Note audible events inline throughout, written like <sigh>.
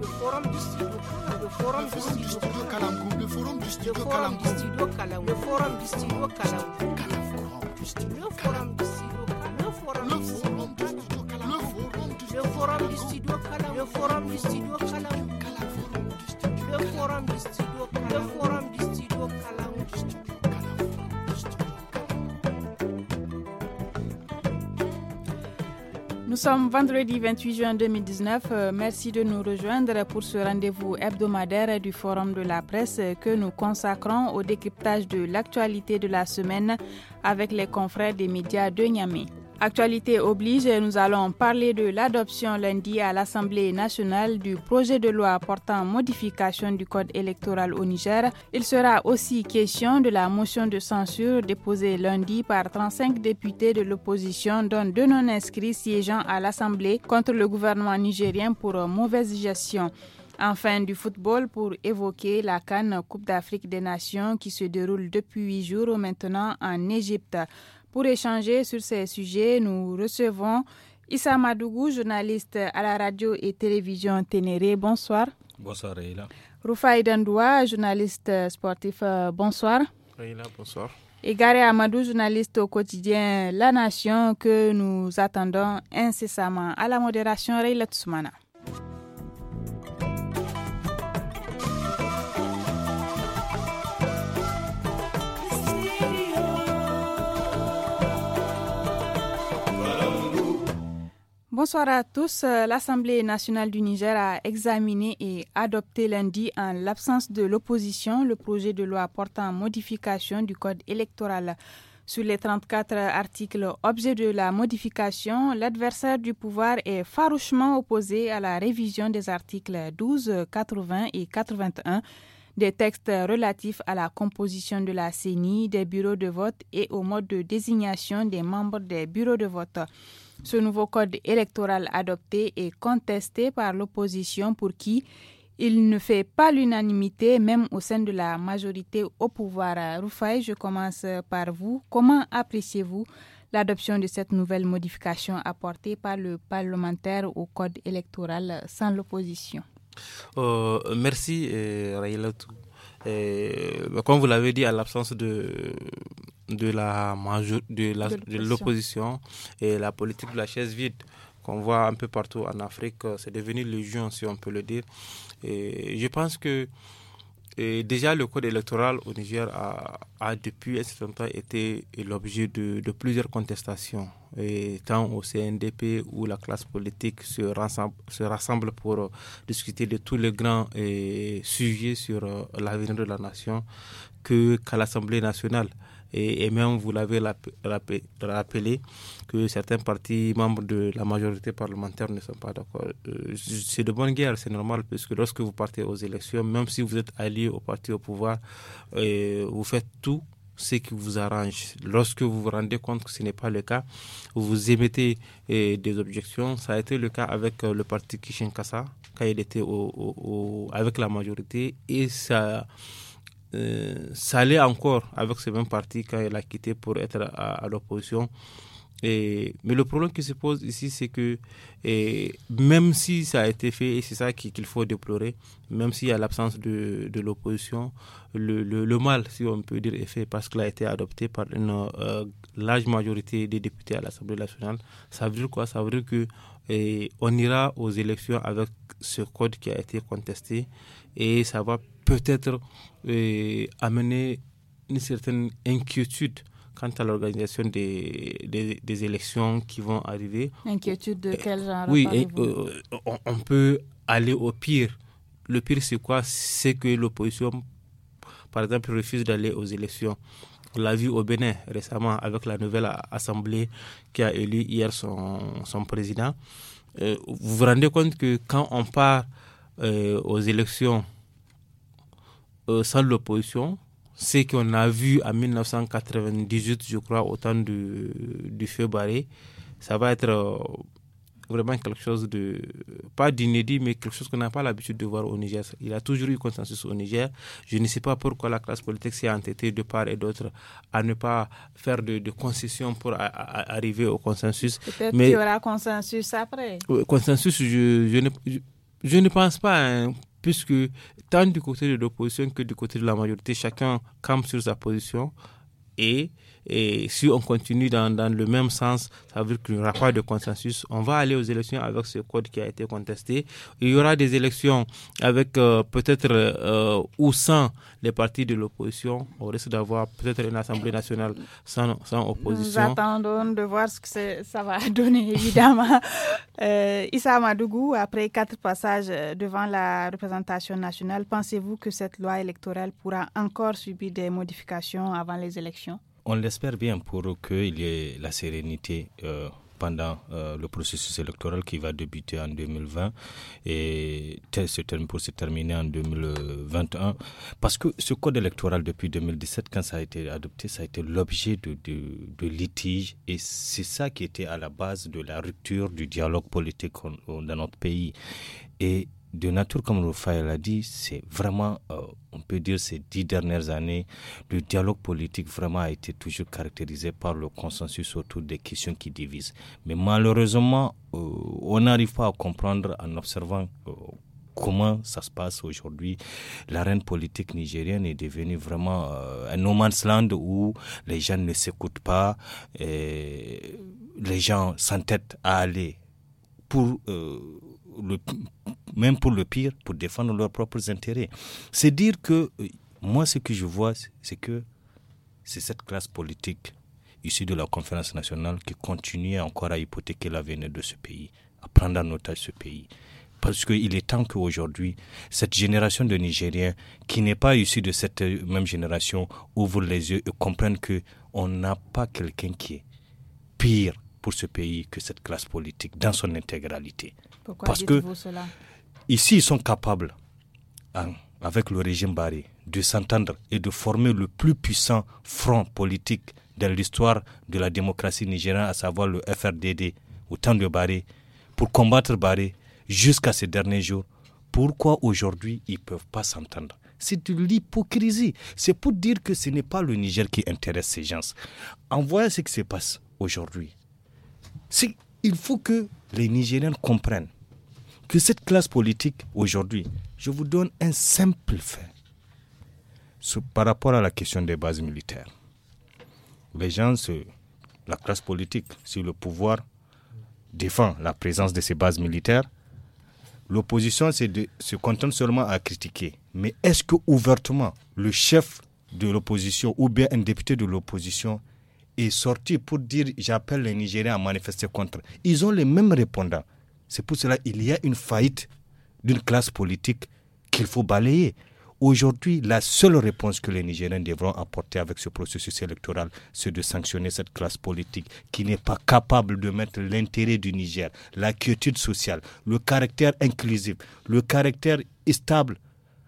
le forum du studio le forum du studio Kalamkou le forum du studio Kalamkou le forum du studio Kalamkou le forum du studio Kalamkou le forum du studio Kalamkou le forum du studio Kalamkou le forum du le forum du studio Nous sommes vendredi 28 juin 2019. Euh, merci de nous rejoindre pour ce rendez-vous hebdomadaire du Forum de la presse que nous consacrons au décryptage de l'actualité de la semaine avec les confrères des médias de Niamey. Actualité oblige, nous allons parler de l'adoption lundi à l'Assemblée nationale du projet de loi portant modification du code électoral au Niger. Il sera aussi question de la motion de censure déposée lundi par 35 députés de l'opposition, dont deux non-inscrits siégeant à l'Assemblée contre le gouvernement nigérien pour mauvaise gestion. Enfin, du football pour évoquer la Cannes Coupe d'Afrique des Nations qui se déroule depuis huit jours maintenant en Égypte. Pour échanger sur ces sujets, nous recevons Issa Madougou, journaliste à la radio et télévision Ténéré. Bonsoir. Bonsoir, Reila. Rufai Dandoua, journaliste sportif. Euh, bonsoir. Reila, bonsoir. Et Gary Amadou, journaliste au quotidien La Nation, que nous attendons incessamment. À la modération, Reila Tsumana. Bonsoir à tous. Euh, L'Assemblée nationale du Niger a examiné et adopté lundi, en l'absence de l'opposition, le projet de loi portant modification du code électoral. Sur les 34 articles objet de la modification, l'adversaire du pouvoir est farouchement opposé à la révision des articles 12, 80 et 81 des textes relatifs à la composition de la CENI, des bureaux de vote et au mode de désignation des membres des bureaux de vote. Ce nouveau code électoral adopté est contesté par l'opposition pour qui il ne fait pas l'unanimité, même au sein de la majorité au pouvoir. Roufaï, je commence par vous. Comment appréciez-vous l'adoption de cette nouvelle modification apportée par le parlementaire au code électoral sans l'opposition euh, Merci, euh, Rayla. Euh, comme vous l'avez dit, à l'absence de de la de l'opposition et la politique de la chaise vide qu'on voit un peu partout en Afrique. Euh, c'est devenu légion, si on peut le dire. Et je pense que déjà, le code électoral au Niger a, depuis un certain temps été l'objet de, plusieurs contestations, tant au CNDP où la classe politique se rassemble, se pour euh, discuter de tous les grands sujets sur euh, l'avenir de la nation, que qu'à l'Assemblée nationale. Et, même, vous l'avez rappelé, que certains partis membres de la majorité parlementaire ne sont pas d'accord. Euh, c'est de bonne guerre, c'est normal, parce que lorsque vous partez aux élections, même si vous êtes allié au parti au pouvoir, euh, vous faites tout ce qui vous arrange. Lorsque vous vous rendez compte que ce n'est pas le cas, vous émettez euh, des objections. Ça a été le cas avec le parti Kishinkasa quand il était avec la majorité et ça euh, ça allait encore avec ce même parti quand il a quitté pour être à, l'opposition. mais le problème qui se pose ici, c'est que même si ça a été fait, et c'est ça qu'il faut déplorer, même s'il y a l'absence de, l'opposition, le, mal, si on peut dire, est fait parce qu'il a été adopté par une euh, large majorité des députés à l'Assemblée nationale. Ça veut dire quoi Ça veut dire que on ira aux élections avec ce code qui a été contesté et ça va peut-être euh, amener une certaine inquiétude quant à l'organisation des, des, élections qui vont arriver. Inquiétude de quel genre Oui, euh, on, peut aller au pire. Le pire, c'est quoi C'est que l'opposition, par exemple, refuse d'aller aux élections. On l'a vu au Bénin récemment avec la nouvelle assemblée qui a élu hier son, son président. Euh, vous vous rendez compte que quand on part euh, aux élections euh, sans l'opposition, ce qu'on a vu en 1998, je crois, au temps du, du feu barré, ça va être euh, vraiment quelque chose de, pas d'inédit, mais quelque chose qu'on n'a pas l'habitude de voir au Niger. Il a toujours eu consensus au Niger. Je ne sais pas pourquoi la classe politique s'est entêtée de part et d'autre à ne pas faire de, concessions pour arriver au consensus. Peut-être qu'il y aura consensus après. Consensus, je, ne. Je ne pense pas, hein, puisque tant du côté de l'opposition que du côté de la majorité, chacun campe sur sa position et et si on continue dans, dans le même sens, ça veut dire qu'il n'y aura pas de consensus. On va aller aux élections avec ce code qui a été contesté. Il y aura des élections avec euh, peut-être euh, ou sans les partis de l'opposition. On risque d'avoir peut-être une assemblée nationale sans, opposition. Nous attendons de voir ce que ça va <laughs> donner, évidemment. <laughs> Euh, Issa Madougou, après quatre passages devant la représentation nationale, pensez-vous que cette loi électorale pourra encore subir des modifications avant les élections on l'espère bien pour qu'il y ait la sérénité euh, pendant euh, le processus électoral qui va débuter en 2020 et tel se pour se terminer en 2021. Parce que ce code électoral depuis 2017, quand ça a été adopté, ça a été l'objet de, de, litiges et c'est ça qui était à la base de la rupture du dialogue politique dans notre pays. Et de nature, comme le Faye l'a dit, c'est vraiment, euh, on peut dire, ces dix dernières années, le dialogue politique vraiment a été toujours caractérisé par le consensus autour des questions qui divisent. Mais malheureusement, euh, on n'arrive pas à comprendre en observant euh, comment ça se passe aujourd'hui. L'arène politique nigérienne est devenue vraiment un no man's land où les gens ne s'écoutent pas, et les gens s'entêtent à aller pour le même pour le pire, pour défendre leurs propres intérêts. C'est dire que euh, moi, ce que je vois, c'est que c'est cette classe politique issue de la conférence nationale qui continue encore à hypothéquer l'avenir de ce pays, à prendre en otage ce pays. Parce qu'il est temps qu'aujourd'hui, cette génération de Nigériens qui n'est pas issue de cette euh, même génération ouvre les yeux et comprenne que on n'a pas quelqu'un qui est pire pour ce pays que cette classe politique dans son intégralité. Pourquoi Parce que cela Ici, ils sont capables, hein, avec le régime barré, de s'entendre et de former le plus puissant front politique dans l'histoire de la démocratie nigérienne, à savoir le FRDD, au temps de Barré, pour combattre Barré jusqu'à ces derniers jours. Pourquoi aujourd'hui ils ne peuvent pas s'entendre C'est de l'hypocrisie. C'est pour dire que ce n'est pas le Niger qui intéresse ces gens. En voyant ce qui se passe aujourd'hui, il faut que les Nigériens comprennent que cette classe politique aujourd'hui, je vous donne un simple fait par rapport à la question des bases militaires. Les gens, la classe politique, sur le pouvoir, défend la présence de ces bases militaires. L'opposition se contente seulement à critiquer. Mais est-ce que ouvertement, le chef de l'opposition ou bien un député de l'opposition est sorti pour dire j'appelle les Nigériens à manifester contre Ils ont les mêmes répondants. C'est pour cela qu'il y a une faillite d'une classe politique qu'il faut balayer. Aujourd'hui, la seule réponse que les Nigériens devront apporter avec ce processus électoral, c'est de sanctionner cette classe politique qui n'est pas capable de mettre l'intérêt du Niger, la quiétude sociale, le caractère inclusif, le caractère stable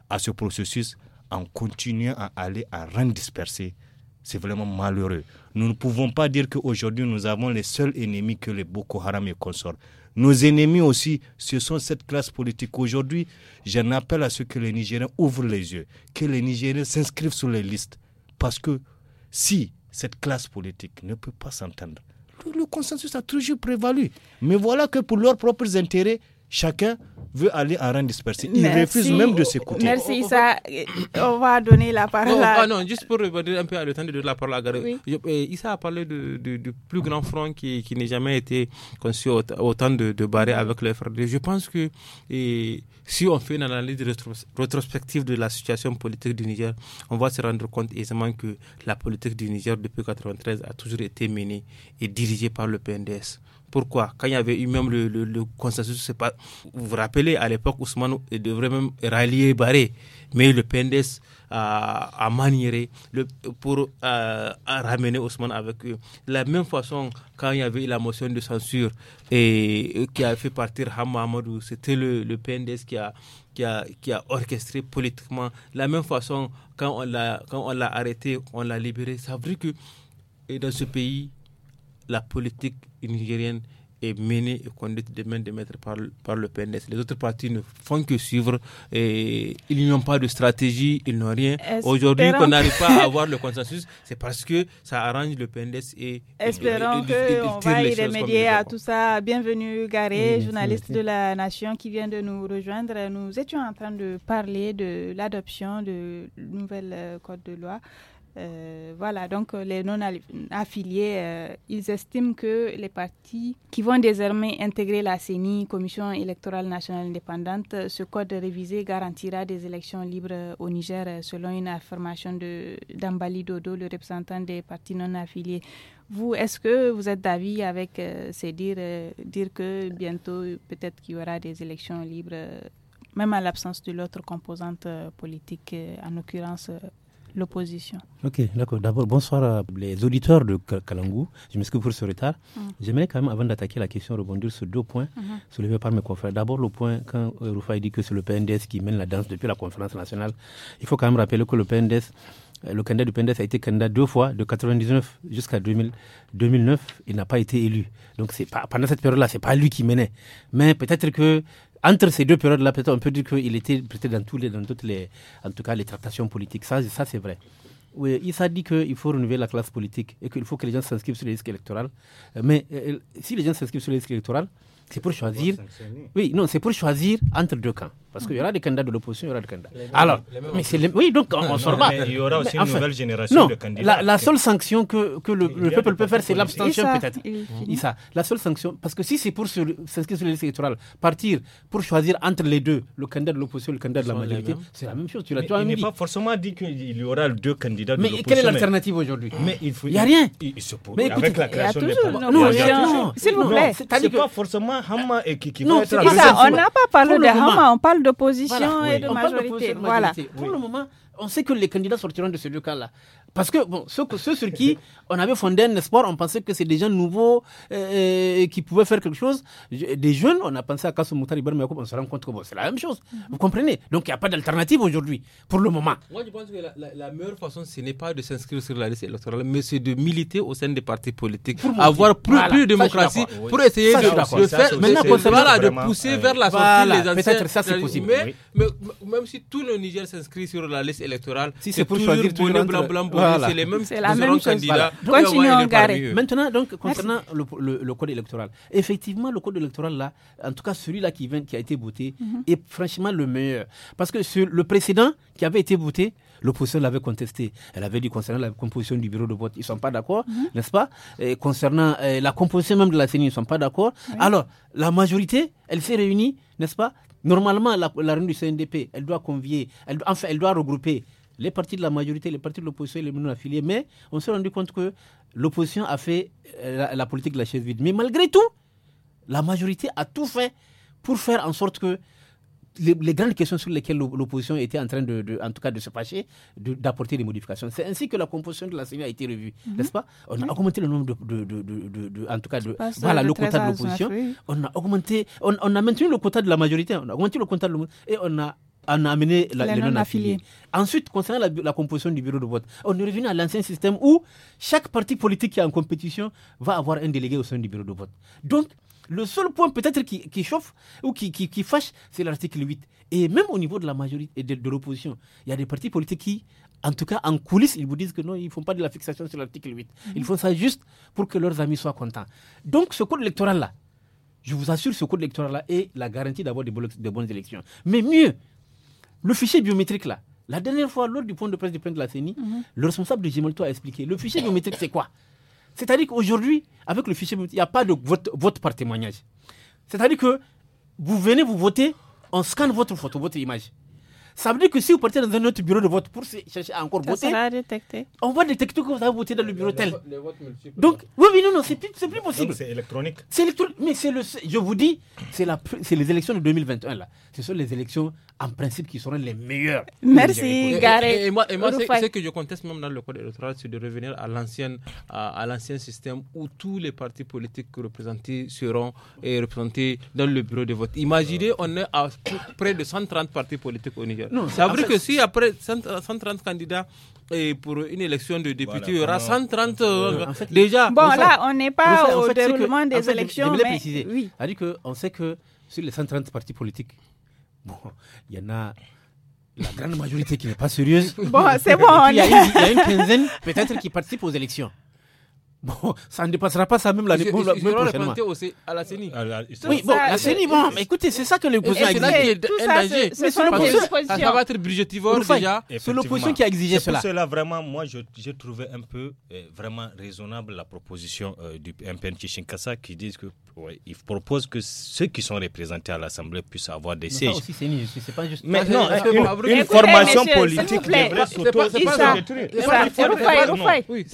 à ce processus en continuant à aller à rendre dispersé, C'est vraiment malheureux. Nous ne pouvons pas dire qu'aujourd'hui, nous avons les seuls ennemis que les Boko Haram et consorts. Nos ennemis aussi, ce sont cette classe politique. Aujourd'hui, j'en appelle à ce que les Nigériens ouvrent les yeux, que les Nigériens s'inscrivent sur les listes. Parce que si cette classe politique ne peut pas s'entendre, le, le consensus a toujours prévalu. Mais voilà que pour leurs propres intérêts, Chacun veut aller à rang dispersé. Il refuse même de s'écouter. Merci Issa. On va donner la parole à... Ah non, juste pour revenir un peu à le temps de la parole à Gare. Oui. Eh, Issa a parlé du plus grand front qui, n'est jamais été conçu autant de, de barrer avec le FRD. Je pense que eh, si on fait une analyse rétrospective de la situation politique du Niger, on va se rendre compte aisément que la politique du Niger depuis 1993 a toujours été menée et dirigée par le PNDS. Pourquoi Quand il y avait eu même le, le, consensus, c'est pas. Vous vous rappelez, à l'époque, Ousmane devrait même rallier Barré, mais le PNDES a, a manieré le, pour euh, ramener Ousmane avec eux. De la même façon, quand il y avait eu la motion de censure et, euh, qui a fait partir Hamamadou, c'était le, le PNDES qui a, qui a, qui a, orchestré politiquement. De la même façon, quand on l'a arrêté, on l'a libéré. Ça veut dire que et dans ce pays, la politique nigérienne est menée et conduite de de maître par, par le PNS. Les autres parties ne font que suivre et ils n'ont pas de stratégie, ils n'ont rien. Aujourd'hui, qu'on n'arrive pas à <laughs> avoir le consensus, c'est parce que ça arrange le PNS et. Espérons qu'on va y remédier à tout ça. Bienvenue, Garé, journaliste de la Nation qui vient de nous rejoindre. Nous étions en train de parler de l'adoption de nouvelles euh, codes de loi. Euh, voilà, donc euh, les non-affiliés, euh, ils estiment que les partis qui vont désormais intégrer la CENI, Commission électorale nationale indépendante, ce code révisé garantira des élections libres au Niger, selon une affirmation d'Ambali Dodo, le représentant des partis non-affiliés. Vous, est-ce que vous êtes d'avis avec cest ces dires, dire que bientôt, peut-être qu'il y aura des élections libres même à l'absence de l'autre composante politique, en l'occurrence l'opposition. Ok, d'accord. D'abord, bonsoir à les auditeurs de Kalangou. Je m'excuse pour ce retard. Mm. J'aimerais quand même, avant d'attaquer la question, rebondir sur deux points mm-hmm. soulevés par mes confrères. D'abord, le point, quand euh, Rufai dit que c'est le PNDS qui mène la danse depuis la conférence nationale, il faut quand même rappeler que le PNDS euh, le candidat du PNDS a été candidat deux fois, de 99 jusqu'à 2009, il n'a pas été élu. Donc pendant cette période-là, n'est pas lui qui menait. Mais peut-être que entre ces deux périodes-là, peut-être on peut dire qu'il était dans tous les, dans toutes les, en tout cas les tractations politiques. Ça, ça c'est vrai. il s'est dit qu'il faut renouveler la classe politique et qu'il faut que les gens s'inscrivent sur les listes électorales. Mais euh, euh, si les gens s'inscrivent sur les listes électorales, c'est pour choisir. Oui, non, c'est pour choisir entre deux camps. Parce qu'il y aura des candidats de l'opposition, il y aura des candidats. Alors, mais c'est oui, donc on, ne sort pas. Il y aura aussi une nouvelle génération de candidats. La, la seule sanction que, que le, peuple peut faire, c'est l'abstention peut-être. Mmh. La seule sanction, parce que si c'est pour s'inscrire sur les listes électorales, partir pour choisir entre les deux, le candidat de l'opposition et le candidat de la majorité, c'est la même chose. Tu l'as toi Il n'est pas forcément dit qu'il y aura deux candidats de l'opposition. Mais quelle est l'alternative aujourd'hui il n'y a rien. Il, se pose. Mais avec la création a Non, s'il vous plaît. C'est pas forcément Hama et qui. Non, on n'a pas parlé de Hama, on parle d'opposition et de majorité. voilà. Pour le moment, on sait que les candidats sortiront de ce lieu là parce que bon, ceux, ceux, sur qui on avait fondé un espoir, on pensait que c'est des gens nouveaux euh, euh qui pouvaient faire quelque chose. Des jeunes, on a pensé à Kassou Moutar mais on se rend compte que bon, c'est la même chose. Mm-hmm. Vous comprenez Donc il n'y a pas d'alternative aujourd'hui, pour le moment. Moi je pense que la, la, meilleure façon, ce n'est pas de s'inscrire sur la liste électorale, mais c'est de militer au sein des partis politiques, avoir plus, plus de démocratie, pour essayer de, de, faire, ça, maintenant, voilà, de pousser vers la sortie voilà, des anciens. ça c'est possible. Mais, même si tout le Niger s'inscrit sur la liste électorale, si c'est pour choisir blanc, blanc, blanc, c'est la même chose. Maintenant, donc, concernant le, code électoral, effectivement, le code électoral, là, en tout cas celui-là qui, vient, qui a été voté, mhm. est franchement le meilleur. Parce que sur le précédent qui avait été voté, l'opposition l'avait contesté. Elle avait dit concernant la composition du bureau de vote, ils ne sont pas d'accord, mhm. n'est-ce pas Concernant euh, la composition même de la CENI, ils ne sont pas d'accord. Alors, la majorité, elle s'est réunie, n'est-ce pas Normalement, la, réunion du CNDP, elle doit convier, enfin, elle doit regrouper les partis de la majorité, les partis de l'opposition et les menus affiliés. Mais on s'est rendu compte que l'opposition a fait euh, la, politique de la chaise vide. Mais malgré tout, la majorité a tout fait pour faire en sorte que les, grandes questions sur lesquelles l'opposition était en train de, en tout cas, de se fâcher, d'apporter des modifications. C'est ainsi que la composition de la CENI a été revue, mhm. n'est-ce pas On a augmenté le nombre de, en tout cas, de, voilà, le quota de l'opposition. On a augmenté, on, on, a maintenu le quota de la majorité, on a augmenté le quota de l'opposition et on a en amener la, les, Ensuite, concernant la, composition du bureau de vote, on est revenu à l'ancien système où chaque parti politique qui est en compétition va avoir un délégué au sein du bureau de vote. Donc, le seul point peut-être qui, chauffe ou qui, fâche, c'est l'article 8. Et même au niveau de la majorité et de, l'opposition, il y a des partis politiques qui, en tout cas en coulisses, ils vous disent que non, ils ne font pas de la fixation sur l'article 8. Mhm. Ils font ça juste pour que leurs amis soient contents. Donc ce code électoral-là, je vous assure, ce code électoral-là est la garantie d'avoir de bonnes élections. Mais mieux, le fichier biométrique, là, la dernière fois, lors du point de presse du point de la CENI, mhm. le responsable de Gimolto a expliqué le fichier biométrique, c'est quoi C'est-à-dire qu'aujourd'hui, avec le fichier biométrique, il n'y a pas de vote, vote par témoignage. C'est-à-dire que vous venez, vous voter on scanne votre photo, votre image. Ça veut dire que si vous partez dans un autre bureau de vote pour chercher à encore voter, on va détecter que vous avez voté dans le bureau tel. Donc, oui, mais non, non, c'est plus, plus possible. C'est électronique. C'est électronique. Mais le, je vous dis, c'est les élections de 2021, là. Ce sont les élections, en principe, qui seront les meilleures. Merci, Garé. Et, moi, et moi ce que je conteste même dans le code électoral, c'est de revenir à l'ancien système où tous les partis politiques représentés seront et représentés dans le bureau de vote. Imaginez, on est à près de 130 partis politiques au Niger. Non, c'est vrai que si après 130 candidats et eh, pour une élection de député, il y aura 130 euh, déjà. Bon, là, on n'est pas au fait, des élections. Je, mais préciser. on sait que sur les 130 partis politiques, bon, il y en a la grande majorité qui n'est pas sérieuse. Bon, c'est bon. Il y, y, a une quinzaine <laughs> peut-être qui participent aux élections. Bon, ça ne dépassera pas ça même l'année bon, prochaine. aussi à la CENI. oui, bon, la CENI, bon, mais écoutez, c'est ça que l'opposition a exigé. C'est danger. Mais c'est l'opposition. Ça va être budgétivore déjà. C'est l'opposition qui a exigé cela. C'est cela, vraiment, moi, j'ai trouvé un peu eh, vraiment raisonnable la proposition euh, du MPN Kishinkasa qui dit que il propose que ceux qui sont représentés à l'Assemblée puissent avoir des sièges. aussi CENI, c'est pas juste. Mais non, une formation politique devrait s'auto-détruire.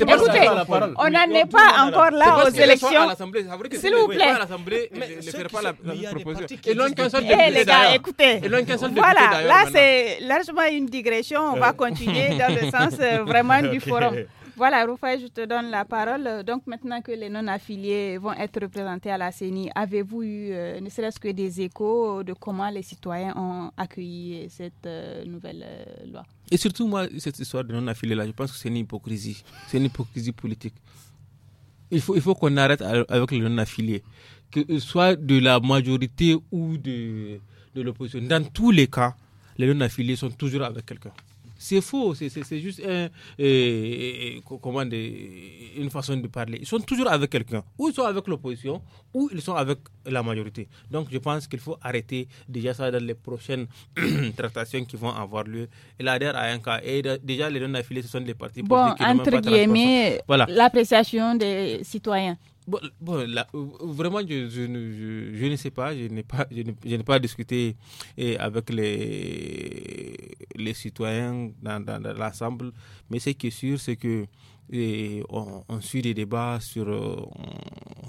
Écoutez, on a n'est pas encore là aux élections. S'il vous plaît. les gars, écoutez. Voilà, là c'est largement une digression. On va euh, continuer <laughs> dans le sens euh, vraiment du forum. Voilà, Roufaï, je te donne la parole. Donc, maintenant que les non-affiliés vont être représentés à la CENI, avez-vous eu, euh, ne serait-ce que des échos de comment les citoyens ont accueilli cette nouvelle loi Et surtout, moi, cette histoire de non-affiliés-là, je pense que c'est une hypocrisie. C'est une hypocrisie politique il faut, qu'on arrête avec les non-affiliés, que ce soit de la majorité ou de, de l'opposition. Dans tous les cas, les non-affiliés sont toujours avec quelqu'un. C'est faux, c'est juste un, euh, euh, euh, une façon de parler. Ils sont toujours avec quelqu'un. Ou ils sont avec l'opposition, ou ils sont avec la majorité. Donc je pense qu'il faut arrêter déjà ça dans les prochaines <clears throat> tractations qui vont avoir lieu. Et là, à un cas, déjà les deux affiliés, ce sont des partis bon, politiques. Bon, entre guillemets, l'appréciation des citoyens. Bon, euh, vraiment, je, je, ne sais pas, je n'ai pas, je n'ai pas discuté eh, avec les, les citoyens dans, dans, dans l'ensemble, mais ce qui est sûr, c'est que et on, suit des débats sur, euh,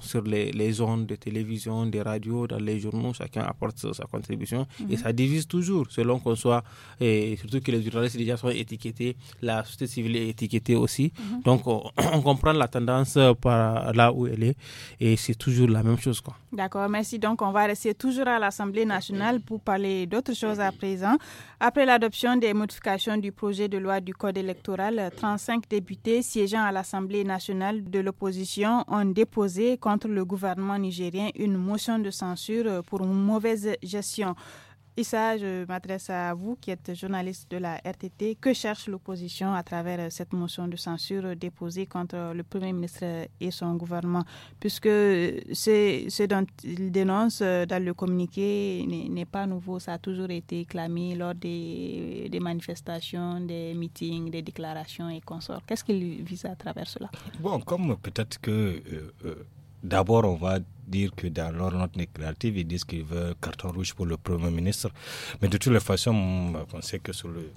sur les, les, ondes de télévision, des radios, dans les journaux, chacun apporte sa, contribution et mhm. ça divise toujours selon qu'on soit, et surtout que les journalistes déjà sont étiquetés, la société civile est étiquetée aussi. Mhm. Donc <clears throat> on, comprend la tendance euh, par là où elle est et c'est toujours la même chose. D'accord, merci. Donc on va rester toujours à l'Assemblée nationale pour parler d'autres choses à présent. Après l'adoption des modifications du projet de loi du Code électoral, 35 députés siègent les gens à l'Assemblée nationale de l'opposition ont déposé contre le gouvernement nigérien une motion de censure pour une mauvaise gestion ça, je m'adresse à vous qui êtes journaliste de la RTT. Que cherche l'opposition à travers euh, cette motion de censure déposée contre le Premier ministre et son gouvernement Puisque euh, ce dont il dénonce euh, dans le communiqué n'est pas nouveau, ça a toujours été clamé lors des, manifestations, des meetings, des déclarations et consorts. Qu'est-ce qu'il vise à travers cela Bon, comme peut-être que D'abord, on va dire que dans leur note négative, ils disent qu'ils veulent carton rouge pour le Premier ministre. Mais de toutes les façons, mm, on sait que sur le,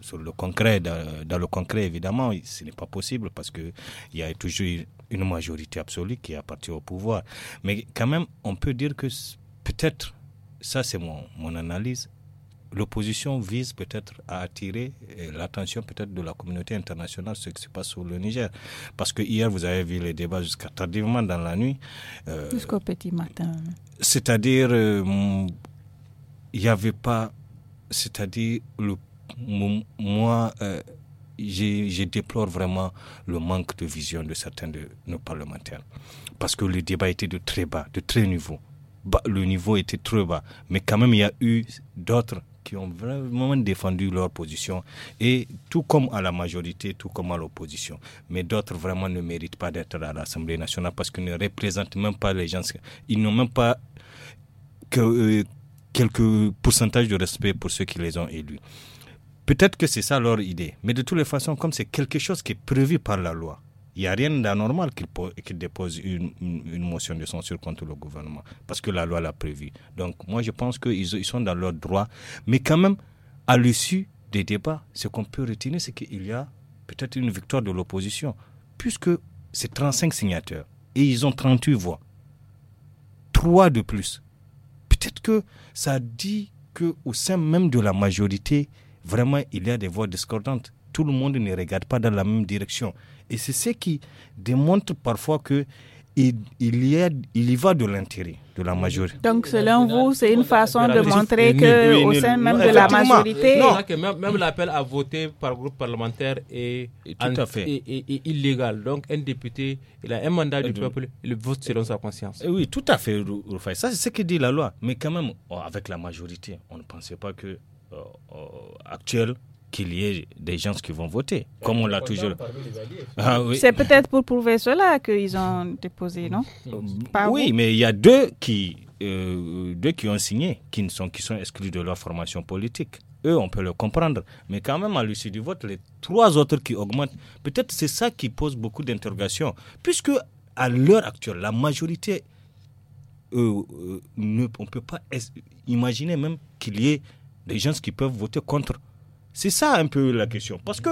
sur, le concret, dans, le concret, évidemment, ce n'est pas possible parce qu'il y a toujours une majorité absolue qui appartient au pouvoir. Mais quand même, on peut dire que peut-être, ça c'est mon, mon analyse, l'opposition vise peut-être à attirer euh, l'attention peut-être de la communauté internationale sur ce qui se passe au Niger. Parce que hier, vous avez vu les débats jusqu'à tardivement dans la nuit. Euh, Jusqu'au petit matin. C'est-à-dire, euh, il n'y avait pas. C'est-à-dire, le, moi. je, déplore vraiment le manque de vision de certains de nos parlementaires. Parce que le débat était de très bas, de très niveau. le niveau était très bas. Mais quand même, il y a eu d'autres qui ont vraiment défendu leur position, et tout comme à la majorité, tout comme à l'opposition. Mais d'autres vraiment ne méritent pas d'être à l'Assemblée nationale parce qu'ils ne représentent même pas les gens. Ils n'ont même pas euh, quelques pourcentages de respect pour ceux qui les ont élus. Peut-être que c'est ça leur idée, mais de toutes les façons, comme c'est quelque chose qui est prévu par la loi, il n'y a rien d'anormal qu'il déposent une, motion de censure contre le gouvernement, parce que la loi l'a prévu. Donc moi je pense qu'ils sont dans leur droit. Mais quand même, à l'issue des débats, ce qu'on peut retenir, c'est qu'il y a peut-être une victoire de l'opposition, puisque c'est 35 signateurs et ils ont 38 voix. Trois de plus. Peut-être que ça dit qu'au sein même de la majorité, vraiment, il y a des voix discordantes. Tout le monde ne regarde pas dans la même direction. Et c'est ce qui démontre parfois que il, y, a, il y va de l'intérêt de la majorité. Donc, selon vous, c'est une façon de montrer que au sein même de la majorité. Même, l'appel à voter par groupe parlementaire est, tout à fait. illégal. Donc, un député, il a un mandat du euh, peuple, il vote selon sa conscience. Eh oui, tout à fait, Ça, c'est ce que dit la loi. Mais quand même, oh, avec la majorité, on ne pensait pas que euh, euh qu'il y ait des gens qui vont voter, comme on l'a toujours. Ah, C'est peut-être pour prouver cela qu'ils ont déposé, non euh, Oui, mais il y a deux qui, euh, deux qui ont signé, qui, ne sont, qui sont exclus de leur formation politique. Eux, on peut le comprendre. Mais quand même, à l'issue du vote, les trois autres qui augmentent, peut-être c'est ça qui pose beaucoup d'interrogations. Puisque, à l'heure actuelle, la majorité, euh, on ne peut pas imaginer même qu'il y ait des gens qui peuvent voter contre c'est ça un peu la question. Parce que,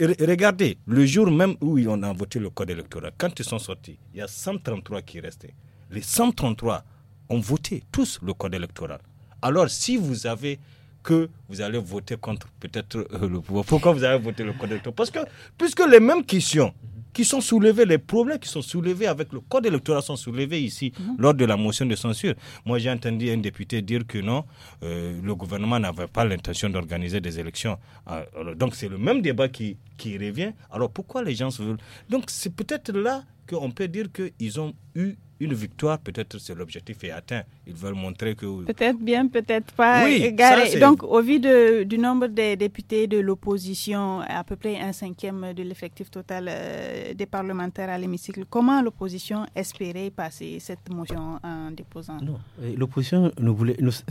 regardez, le jour même où ils a voté le code électoral, quand ils sont sortis, il y a 133 qui restaient. Les 133 ont voté tous le code électoral. Alors, si vous avez que vous allez voter contre peut-être euh, le pouvoir. Pourquoi vous avez voté le code électoral Parce que, puisque les mêmes questions qui sont soulevés, les problèmes qui sont soulevés avec le code électoral sont soulevés ici mhm. lors de la motion de censure. Moi, j'ai entendu un député dire que non, euh, le gouvernement n'avait pas l'intention d'organiser des élections. Euh, donc, c'est le même débat qui, qui revient. Alors, pourquoi les gens se veulent Donc, c'est peut-être là qu'on peut dire qu'ils ont eu une victoire, peut-être c'est l'objectif est atteint. Ils veulent montrer que... Peut-être bien, peut-être pas. Oui, Donc, au vu du nombre des députés de l'opposition, à peu près un cinquième de l'effectif total euh, des parlementaires à l'hémicycle, comment l'opposition espérait passer cette motion en déposant Non, l'opposition,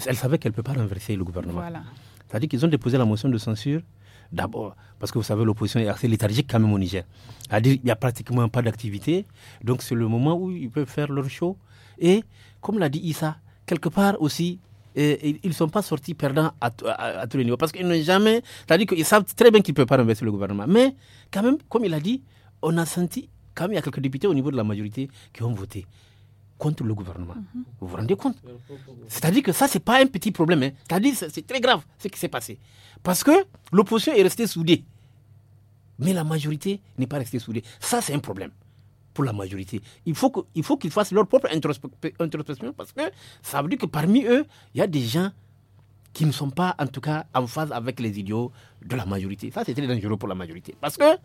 elle savait qu'elle ne peut pas renverser le gouvernement. Voilà. C'est-à-dire qu'ils ont déposé la motion de censure D'abord, parce que vous savez, l'opposition est assez léthargique quand même au Niger. C'est-à-dire qu'il n'y a pratiquement pas d'activité. Donc c'est le moment où ils peuvent faire leur show. Et comme l'a dit Issa, quelque part aussi, eh, ils ne sont pas sortis perdants à, tous les niveaux. Parce qu'ils n'ont jamais. C'est-à-dire qu'ils savent très bien qu'ils ne peuvent pas renverser le gouvernement. Mais quand même, comme il a dit, on a senti quand même il y a quelques députés au niveau de la majorité qui ont voté contre le gouvernement. Vous vous rendez compte C'est-à-dire que ça, ce n'est pas un petit problème. Hein. C'est-à-dire que c'est très grave ce qui s'est passé. Parce que l'opposition est restée soudée. Mais la majorité n'est pas restée soudée. Ça, c'est un problème pour la majorité. Il faut qu'ils fassent leur propre introspection parce que ça veut dire que parmi eux, il y a des gens qui ne sont pas, en tout cas, en phase avec les idiots de la majorité. Ça, c'est très dangereux pour la majorité. Parce que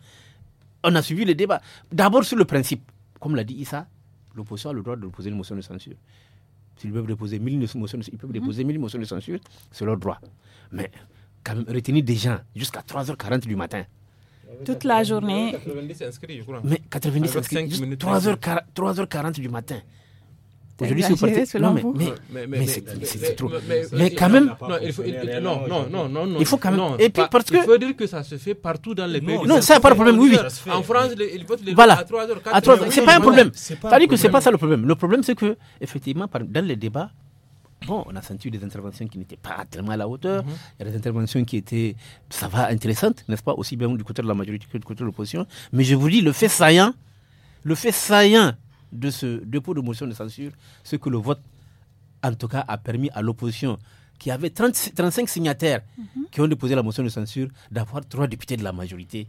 on a suivi le débat. D'abord sur le principe, comme l'a dit Issa, l'opposition a le droit de déposer une motion de censure. S'ils peuvent déposer mille motions, 1000 mhm. motions de censure, c'est leur droit. Mais quand même, retenir des gens jusqu'à 3h40 du matin. Toute la journée. 90 inscrits, je crois. Mais 90 inscrits. 3h40 du matin. Aujourd'hui, c'est parti. Non, mais, mais, mais, mais, c'est trop. Mais, quand même. Non, il faut, non, non, non, non. Il faut quand même. Et puis, parce que. Il faut dire que ça se fait partout dans les pays. Non, ça, pas le problème, oui, oui. En France, ils votent les voilà. à 3h, 4h. C'est pas un problème. C'est-à-dire que c'est pas ça le problème. Le problème, c'est que, effectivement, dans les débats, Bon, on a senti des interventions qui n'étaient pas tellement à la hauteur. Mhm. Il y a des interventions qui étaient, ça va, intéressantes, n'est-ce pas, aussi bien du côté de la majorité que du côté de l'opposition. Mais je vous dis, le fait saillant, le fait saillant de ce dépôt de motion de censure, ce que le vote, en tout cas, a permis à l'opposition, qui avait 30, 35 signataires mhm. qui ont déposé la motion de censure, d'avoir trois députés de la majorité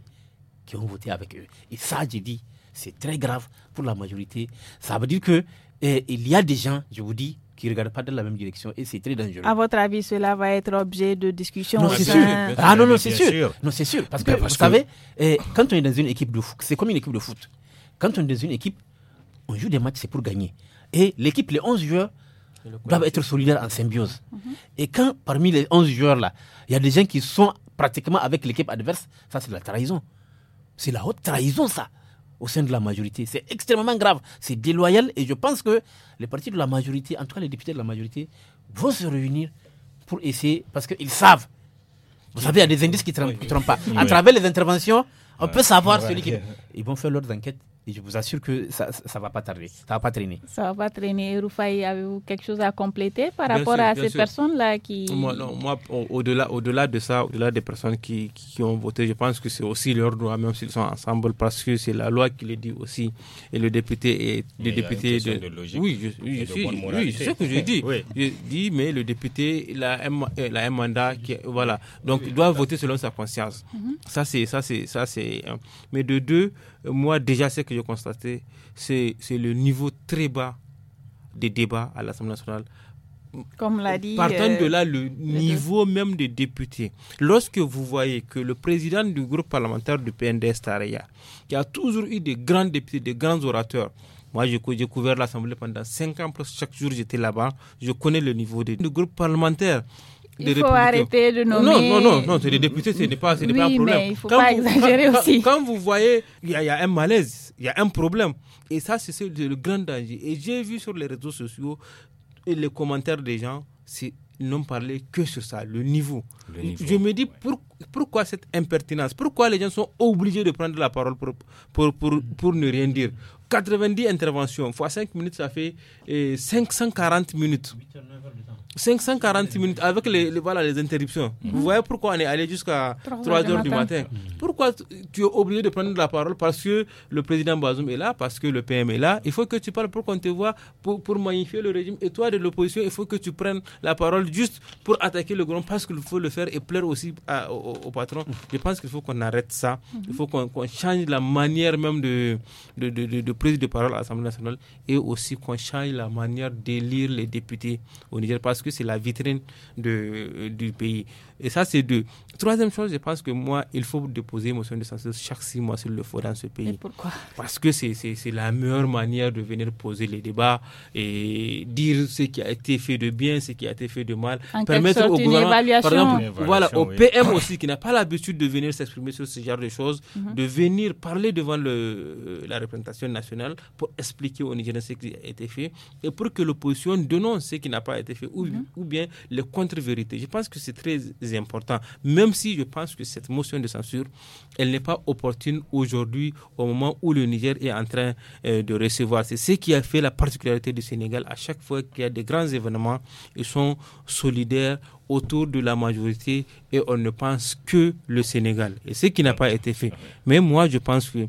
qui ont voté avec eux. Et ça, j'ai dit, c'est très grave pour la majorité. Ça veut dire que eh, il y a des gens, je vous dis, qui ne regardent pas dans la même direction et c'est très dangereux. À votre avis, cela va être objet de discussion Non, c'est sûr. ah non, non, c'est sûr. Non, c'est sûr. Parce que, vous savez, eh, quand on est dans une équipe de foot, c'est comme une équipe de foot. Quand on est dans une équipe, on joue des matchs, c'est pour gagner. Et l'équipe, les 11 joueurs, doivent être solidaires en symbiose. Mhm. Et quand parmi les 11 joueurs-là, il y a des gens qui sont pratiquement avec l'équipe adverse, ça c'est la trahison. C'est la haute trahison, ça, au sein de la majorité. C'est extrêmement grave, c'est déloyal et je pense que les partis de la majorité, en tout cas les députés de la majorité, vont se réunir pour essayer, parce qu'ils savent. Vous savez, il y a des indices qui ne trompent, pas. À travers les interventions, on peut savoir celui qui... Ils vont faire leurs enquêtes et je vous assure que ça ne va pas tarder, ça va pas traîner. Ça va pas traîner. Roufaï, avez-vous quelque chose à compléter par rapport à ces personnes-là qui... Moi, moi au-delà au -delà de ça, au-delà des personnes qui, qui, ont voté, je pense que c'est aussi leur droit, même s'ils sont ensemble, parce que c'est la loi qui le dit aussi. Et le député est... Le député de... oui, je, oui, je, oui c'est ce que je dis. Je dis, mais le député, il a un, mandat, qui, voilà. Donc, il doit voter selon sa conscience. Mhm. Ça, c'est, Ça, c'est... ça c'est Mais de deux moi déjà ce que j'ai constaté, c'est le niveau très bas des débats à l'Assemblée nationale. Comme l'a dit. Partant de là, euh, le niveau même des députés. Lorsque vous voyez que le président du groupe parlementaire du PND Staria qui a toujours eu des grands députés, des grands orateurs, moi, j'ai couvert l'Assemblée pendant 5 ans, chaque jour j'étais là-bas. Je connais le niveau des, groupe parlementaire il faut arrêter de nommer. Non, non, non, non c'est des députés, ce n'est pas, pas un problème. Mais il faut pas exagérer aussi. Quand, vous voyez, il y, a un malaise, il y a un problème. Et ça, c'est le grand danger. Et j'ai vu sur les réseaux sociaux et les commentaires des gens, ils n'ont parlé que sur ça, le niveau. Je me dis pourquoi cette impertinence Pourquoi les gens sont obligés de prendre la parole pour, pour, pour, ne rien dire 90 interventions, fois 5 minutes, ça fait 540 minutes. 8 temps. 540 minutes avec les, voilà, les interruptions. Mhm. Vous voyez pourquoi on est allé jusqu'à 3 heures du matin. Mhm. Pourquoi tu es obligé de prendre la parole Parce que le président Bazoum est là, parce que le PM est là. Il faut que tu parles pour qu'on te voit, pour, pour magnifier le régime. Et toi, de l'opposition, il faut que tu prennes la parole juste pour attaquer le grand, parce qu'il faut le faire et plaire aussi au, patron. Mhm. Je pense qu'il faut qu'on arrête ça. Il faut qu'on change la manière même de, de, prise de parole à l'Assemblée nationale et aussi qu'on change la manière d'élire les députés au Niger. Parce que c'est la vitrine de, euh, du pays. Et ça, c'est deux. Troisième chose, je pense que moi, il faut déposer une motion de censure chaque six mois s'il le faut, dans ce pays. pourquoi Parce que c'est la meilleure manière de venir poser les débats et dire ce qui a été fait de bien, ce qui a été fait de mal. permettre au gouvernement, par exemple, voilà, au PM aussi, qui n'a pas l'habitude de venir s'exprimer sur ce genre de choses, mhm. de venir parler devant le, euh, la représentation nationale pour expliquer au Nigériens ce qui a été fait et pour que l'opposition dénonce ce qui n'a pas été fait ou, mhm. ou bien les contre-vérités. Je pense que c'est très important, même si je pense que cette motion de censure, elle n'est pas opportune aujourd'hui au moment où le Niger est en train euh, de recevoir. C'est ce qui a fait la particularité du Sénégal. À chaque fois qu'il y a des grands événements, ils sont solidaires autour de la majorité et on ne pense que le Sénégal. Et ce qui n'a pas été fait. Mais moi, je pense que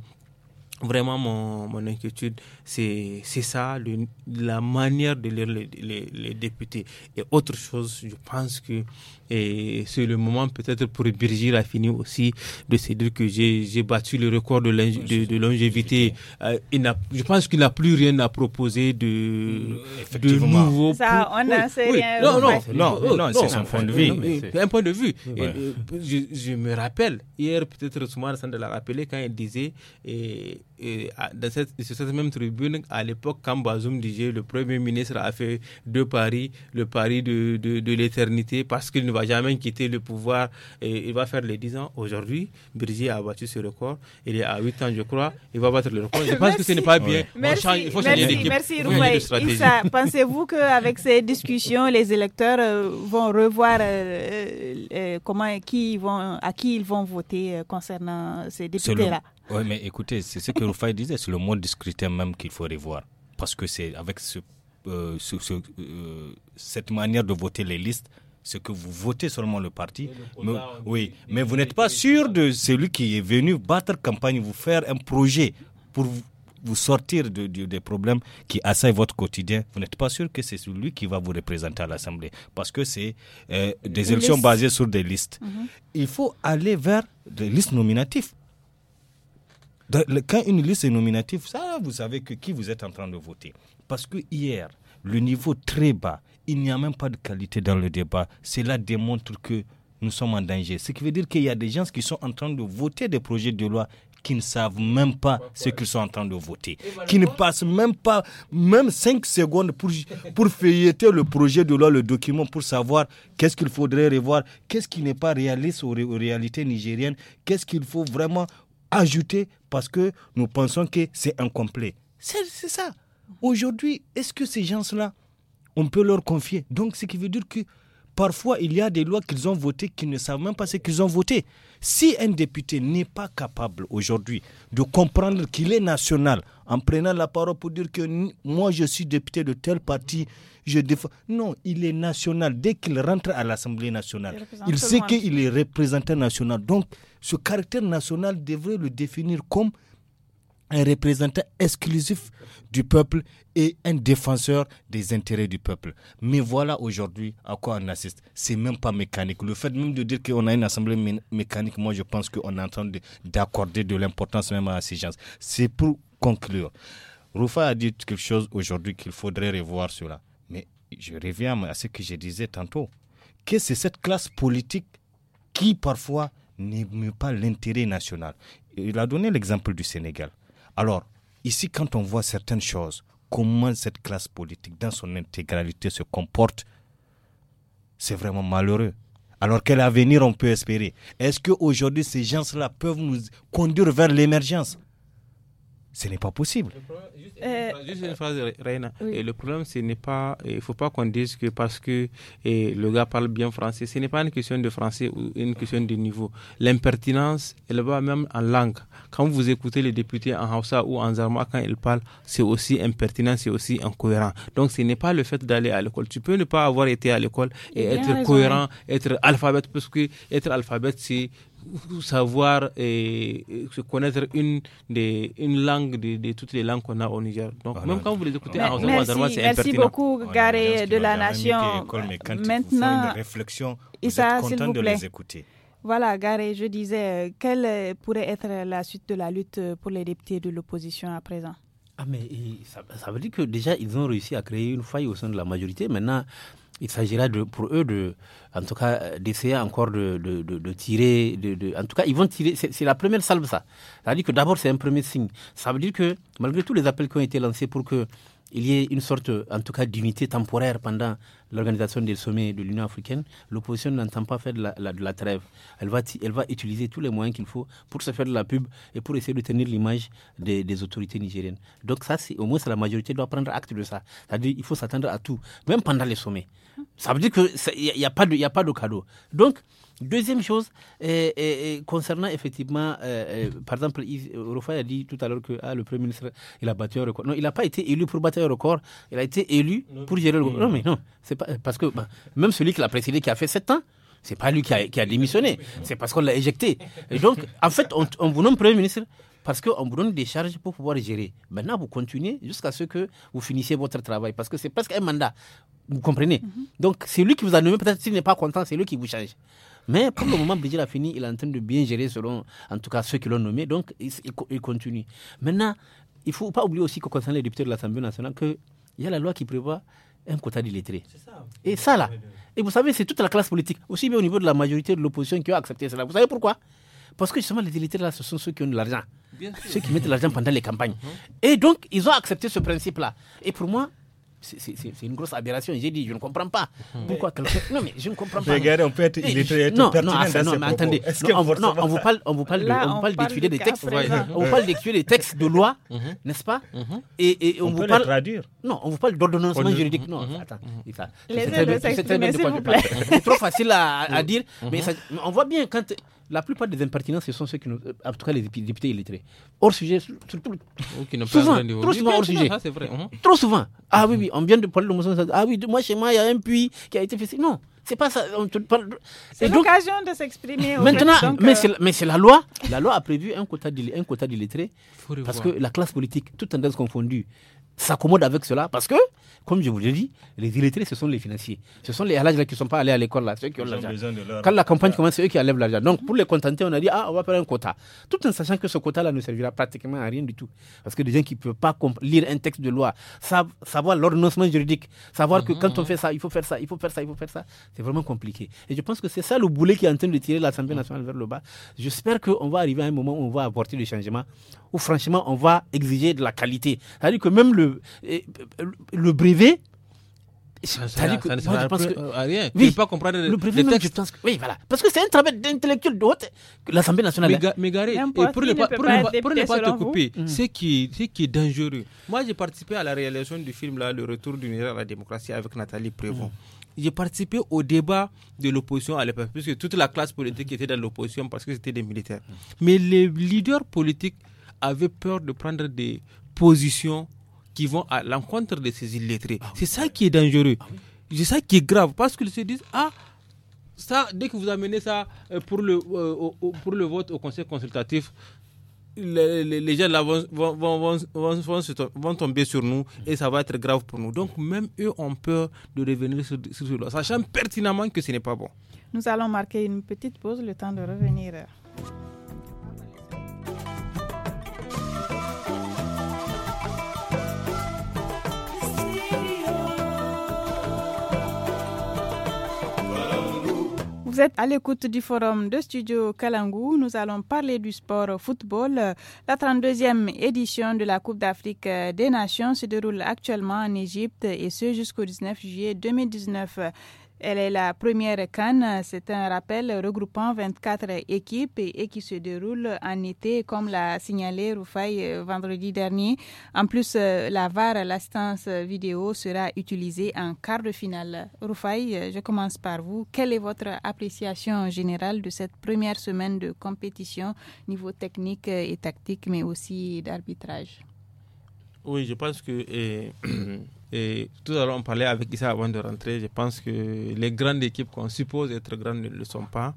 vraiment mon, mon inquiétude, c'est ça, la manière de lire les, les, députés. Et autre chose, je pense que c'est le moment peut-être pour Birgir fini aussi de se dire que j'ai battu le record de, de, longévité. Euh, il je pense qu'il n'a plus rien à proposer de, nouveau. Ça, on a rien. Non, non, non, non c'est son point de vue. C'est un point de vue. Euh, je, me rappelle, hier, peut-être Soumar l'a rappelé quand il disait... Et, dans cette, sur cette même tribune, à l'époque, quand Bazoum Dijé, le Premier ministre, a fait deux paris, le pari de, de, l'éternité, parce qu'il ne va jamais quitter le pouvoir, et il va faire les 10 ans. Aujourd'hui, Brigitte a battu ce record, il est à 8 ans, je crois, il va battre le record. Je <laughs> pense que ce n'est pas bien. Merci. Merci, Pensez-vous qu'avec ces discussions, les électeurs euh, vont revoir euh, euh, qui vont, à qui ils vont voter concernant ces députés-là oui, mais écoutez, c'est ce que Rufai disait, c'est le mode du même qu'il faut revoir. Parce que c'est avec ce, euh, euh, cette manière de voter les listes, c'est que vous votez seulement le parti. Mais, oui, mais vous n'êtes pas sûr de celui qui est venu battre campagne, vous faire un projet pour vous sortir de, des problèmes qui assaillent votre quotidien. Vous n'êtes pas sûr que c'est celui qui va vous représenter à l'Assemblée parce que c'est euh, des élections basées sur des listes. Mhm. Il faut aller vers des listes nominatives quand une liste est nominative, ça, vous savez que qui vous êtes en train de voter. Parce que hier, le niveau très bas, il n'y a même pas de qualité dans le débat. Cela démontre que nous sommes en danger. Ce qui veut dire qu'il y a des gens qui sont en train de voter des projets de loi qui ne savent même pas ce qu'ils sont en train de voter, qui ne passent même pas, même 5 secondes pour, pour feuilleter le projet de loi, le document, pour savoir qu'est-ce qu'il faudrait revoir, qu'est-ce qui n'est pas réaliste aux réalités nigériennes, qu'est-ce qu'il faut vraiment ajouter parce que nous pensons que c'est incomplet. C'est ça. Aujourd'hui, est-ce que ces gens-là, on peut leur confier Donc, ce qui veut dire que Parfois, il y a des lois qu'ils ont votées qui ne savent même pas ce qu'ils ont voté. Si un député n'est pas capable aujourd'hui de comprendre qu'il est national en prenant la parole pour dire que moi je suis député de tel parti, je défends. Non, il est national. Dès qu'il rentre à l'Assemblée nationale, il sait qu'il est représentant national. Donc, ce caractère national devrait le définir comme un représentant exclusif du peuple et un défenseur des intérêts du peuple. Mais voilà aujourd'hui à quoi on assiste. C'est même pas mécanique. Le fait même de dire qu'on a une assemblée mécanique, moi je pense qu'on est en train d'accorder de, l'importance même à ces gens. C'est pour conclure. Roufa a dit quelque chose aujourd'hui qu'il faudrait revoir cela. Mais je reviens à ce que je disais tantôt, que c'est cette classe politique qui parfois n'aime pas l'intérêt national. Il a donné l'exemple du Sénégal. Alors, ici, quand on voit certaines choses, comment cette classe politique dans son intégralité se comporte, c'est vraiment malheureux. Alors quel avenir on peut espérer Est-ce qu'aujourd'hui ces gens-là peuvent nous conduire vers l'émergence ce n'est pas possible. Euh, juste, une, phrase, Reina. Et le problème, ce n'est pas. Euh, il ne faut pas qu'on dise que parce que euh, le gars parle bien français, ce n'est pas une question de français ou une question de niveau. L'impertinence, elle va même en langue. Quand vous écoutez les députés en Hausa ou en Zarma, quand ils parlent, c'est aussi impertinent, c'est aussi incohérent. Donc, ce n'est pas le fait d'aller à l'école. Tu peux ne pas avoir été à l'école et être cohérent, être alphabète, parce que être alphabète, c'est savoir et se connaître une, des, une langue de, toutes les langues qu'on a au Niger. Donc, même quand vous les écoutez en c'est Merci, merci beaucoup, oh, Garé de la Nation. Maintenant, une réflexion, vous Issa, êtes content de les écouter. Voilà, Garé, je disais, euh, quelle pourrait être la suite de la lutte pour les députés de l'opposition à présent ah, mais ça, ça veut dire que déjà, ils ont réussi à créer une faille au sein de la majorité. Maintenant, il s'agira de, pour eux de, en tout cas, d'essayer encore de, de, tirer, de, en tout cas, ils vont tirer, c'est la première salve ça. Ça veut dire que d'abord c'est un premier signe. Ça veut dire que malgré tous les appels qui ont été lancés pour que il y ait une sorte, en tout cas, d'unité temporaire pendant l'organisation des sommets de l'Union africaine, l'opposition n'entend pas faire de la, de la trêve. Elle va, elle va utiliser tous les moyens qu'il faut pour se faire de la pub et pour essayer de tenir l'image des, autorités nigériennes. Donc ça, au moins, la majorité doit prendre acte de ça. C'est-à-dire il faut s'attendre à tout, même pendant les sommets. Ça veut dire qu'il n'y a, pas de, y a pas de cadeau. Donc, Deuxième chose, euh, euh, euh, concernant effectivement, par exemple, Rofa a dit tout à l'heure que ah, le Premier ministre, il a battu un record. Non, il n'a pas été élu pour battre un record, il a été élu pour gérer le record. Non, mais non, c'est parce que bah, même celui qui l'a précédé, qui a fait 7 ans, c'est pas lui qui a, démissionné, c'est parce qu'on l'a éjecté. donc, en fait, on, vous nomme Premier ministre parce qu'on vous donne des charges pour pouvoir gérer. Maintenant, vous continuez jusqu'à ce que vous finissiez votre travail, parce que c'est presque un mandat. Vous comprenez mhm. Donc, c'est lui qui vous a nommé, peut-être s'il n'est pas content, c'est lui qui vous change. Mais pour le moment, Brigitte a fini, il est en train de bien gérer selon, en tout cas, ceux qui l'ont nommé, donc il, il, continue. Maintenant, il ne faut pas oublier aussi que concernant les députés de l'Assemblée nationale, il y a la loi qui prévoit un quota d'illettrés. Et ça, là. Et vous savez, c'est toute la classe politique, aussi bien au niveau de la majorité de l'opposition qui a accepté cela. Vous savez pourquoi Parce que justement, les illettrés, là, ce sont ceux qui ont de l'argent. Ceux qui mettent de l'argent pendant les campagnes. Uh-huh. Et donc, ils ont accepté ce principe-là. Et pour moi, c'est une grosse aberration. J'ai dit, je ne comprends pas. Mhm. Pourquoi quelqu'un. Non, mais je ne comprends <laughs> pas. Regardez, on peut être eh, illettré, non, non, non, mais attendez. on, vous parle, on vous parle, on, parle d'étudier des textes. On vous parle d'étudier des textes de loi, mhm. n'est-ce pas mhm. Et, on, vous peut parle. traduire. Non, on vous parle d'ordonnancement juridique. Non, attends. C'est trop facile à, dire. Mais on voit bien quand la plupart des impertinences, ce sont ceux qui nous. Euh, en tout cas, les députés illettrés. Hors sujet, surtout. Oh, souvent, trop souvent hors ah, sujet. Hein. Trop souvent. Ah oui, oui, on vient de parler de Mousson. Ah oui, moi, chez moi, il y a un puits qui a été fait. Non, c'est pas ça. C'est l'occasion de s'exprimer. Maintenant, euh, mais c'est la loi. La loi a prévu un quota d'illettrés. Parce que la classe politique, toute tendance confondue, s'accommode avec cela. Parce que comme je vous l'ai dit, les illettrés, ce sont les financiers. Ce sont les halages qui ne sont pas allés à l'école, ceux qui ont l'argent. Quand la campagne commence, c'est eux qui enlèvent l'argent. Donc, pour les contenter, on a dit, ah, on va faire un quota. Tout en sachant que ce quota-là ne servira pratiquement à rien du tout. Parce que des gens qui ne peuvent pas lire un texte de loi, savoir l'ordonnancement juridique, savoir que quand on mhm. fait ça, il faut faire ça, il faut faire ça, il faut faire ça, c'est vraiment compliqué. Et je pense que c'est ça le boulet qui est en train de tirer l'Assemblée nationale vers le bas. J'espère qu'on va arriver à un moment où on va apporter des changements où franchement on va exiger de la qualité. C'est-à-dire que même le, eh, le brevet, c'est-à-dire que je pense que pas comprendre le brevet je pense que, oui voilà parce que c'est un travail d'intellectuel d'autre. que l'Assemblée nationale. Mais, Garé, pour, ne pas, te couper, mm. ce qui qui est dangereux. Moi j'ai participé à la réalisation du film là le retour du Niger à la démocratie avec Nathalie Prévon. Mm. j'ai participé au débat de l'opposition à l'époque, puisque toute la classe politique était dans l'opposition parce que c'était des militaires. Mm. Mais les leaders politiques avaient peur de prendre des positions qui vont à l'encontre de ces illettrés. Ah, c'est ça qui est dangereux. Ah, c'est ça qui est grave parce qu'ils se disent ah ça dès que vous amenez ça euh, pour le euh, pour le vote au conseil consultatif les, gens vont, vont, vont, vont, tomber sur nous et ça va être grave pour nous. Donc même eux ont peur de revenir sur, sur, ça sachant pertinemment que ce n'est pas bon. Nous allons marquer une petite pause, le temps de revenir. Vous êtes à l'écoute du forum de Studio Kalangu. Nous allons parler du sport football. La 32e édition de la Coupe d'Afrique des Nations se déroule actuellement en Égypte et ce jusqu'au 19 juillet 2019. Elle est la première canne, c'est un rappel regroupant 24 équipes et, qui se déroule en été, comme l'a signalé Roufaille euh, vendredi dernier. En plus, euh, la VAR, l'assistance vidéo, sera utilisée en quart de finale. Roufaï, euh, je commence par vous. Quelle est votre appréciation générale de cette première semaine de compétition, niveau technique et tactique, mais aussi d'arbitrage Oui, je pense que... <clears throat> Et tout à l'heure, on parlait avec Issa avant de rentrer. Je pense que les grandes équipes qu'on suppose être grandes ne le sont pas.